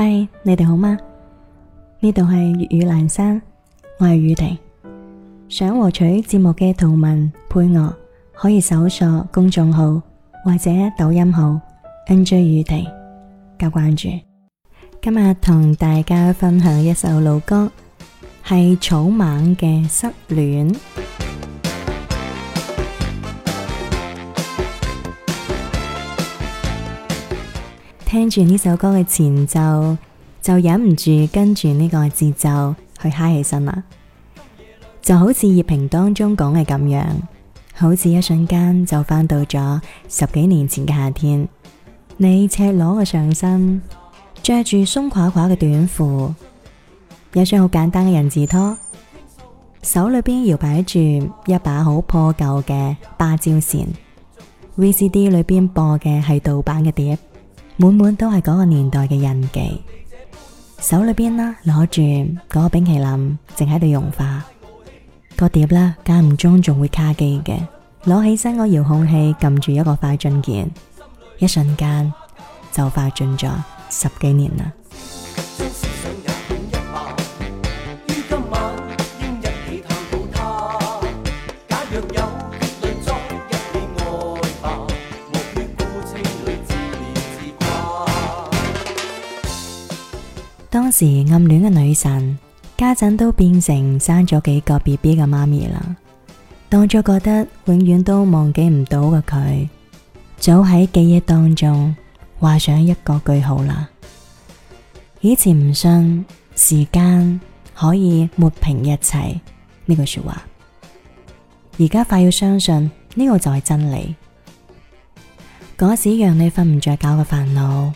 嗨，Hi，你哋好嗎？呢度係粵語闌山，我係宇婷。想獲取節目嘅圖文配樂，可以搜索公眾號或者抖音號 N J 宇婷」。加關注。今日同大家分享一首老歌，係草蜢嘅《失戀》。聽住呢首歌嘅前奏，就忍唔住跟住呢個節奏去嗨起身啦！就好似熱評當中講嘅咁樣，好似一瞬間就翻到咗十幾年前嘅夏天。你赤裸嘅上身，着住鬆垮垮嘅短褲，有雙好簡單嘅人字拖，手裏邊搖擺住一把好破舊嘅芭蕉扇。VCD 裏邊播嘅係盜版嘅碟。滿滿都係嗰個年代嘅印記，手裏邊啦攞住嗰個冰淇淋，淨喺度融化，個碟啦間唔中仲會卡機嘅，攞起身個遙控器撳住一個快進鍵，一瞬間就快進咗十幾年啦。當時暗戀嘅女神，家陣都變成生咗幾個 B B 嘅媽咪啦。當初覺得永遠都忘記唔到嘅佢，早喺記憶當中畫上一個句號啦。以前唔信時間可以抹平一切呢句、這個、說話，而家快要相信呢、這個就係真理。嗰時讓你瞓唔着覺嘅煩惱，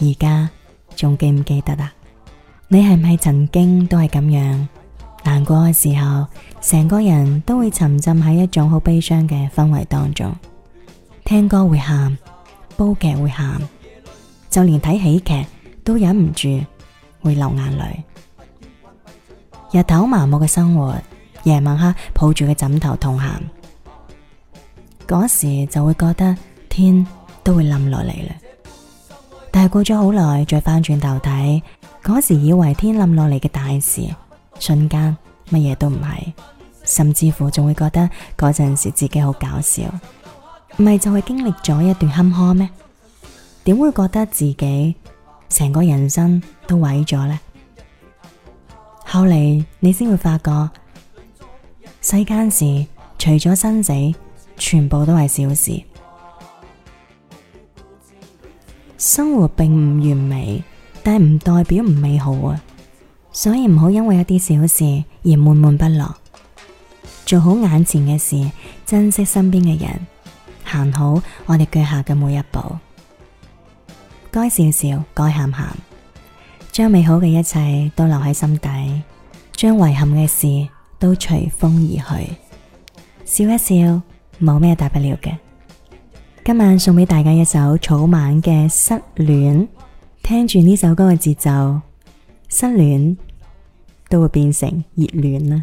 而家。仲記唔記得啊？你係唔係曾經都係咁樣？難過嘅時候，成個人都會沉浸喺一種好悲傷嘅氛圍當中，聽歌會喊，煲劇會喊，就連睇喜劇都忍唔住會流眼淚。日頭麻木嘅生活，夜晚黑抱住嘅枕頭痛喊，嗰時就會覺得天都會冧落嚟啦。但過咗好耐，再翻轉頭睇，嗰時以為天冧落嚟嘅大事，瞬間乜嘢都唔係，甚至乎仲會覺得嗰陣時自己好搞笑，咪就係經歷咗一段坎坷咩？點會覺得自己成個人生都毀咗呢？後嚟你先會發覺，世間事除咗生死，全部都係小事。生活並唔完美，但唔代表唔美好啊！所以唔好因為一啲小事而悶悶不樂，做好眼前嘅事，珍惜身邊嘅人，行好我哋腳下嘅每一步。該笑笑，該喊喊，將美好嘅一切都留喺心底，將遺憾嘅事都隨風而去。笑一笑，冇咩大不了嘅。今晚送俾大家一首草蜢嘅《失戀》，聽住呢首歌嘅節奏，失戀都會變成熱戀啦。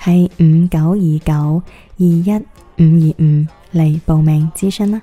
係五九二九二一五二五嚟報名諮詢啦。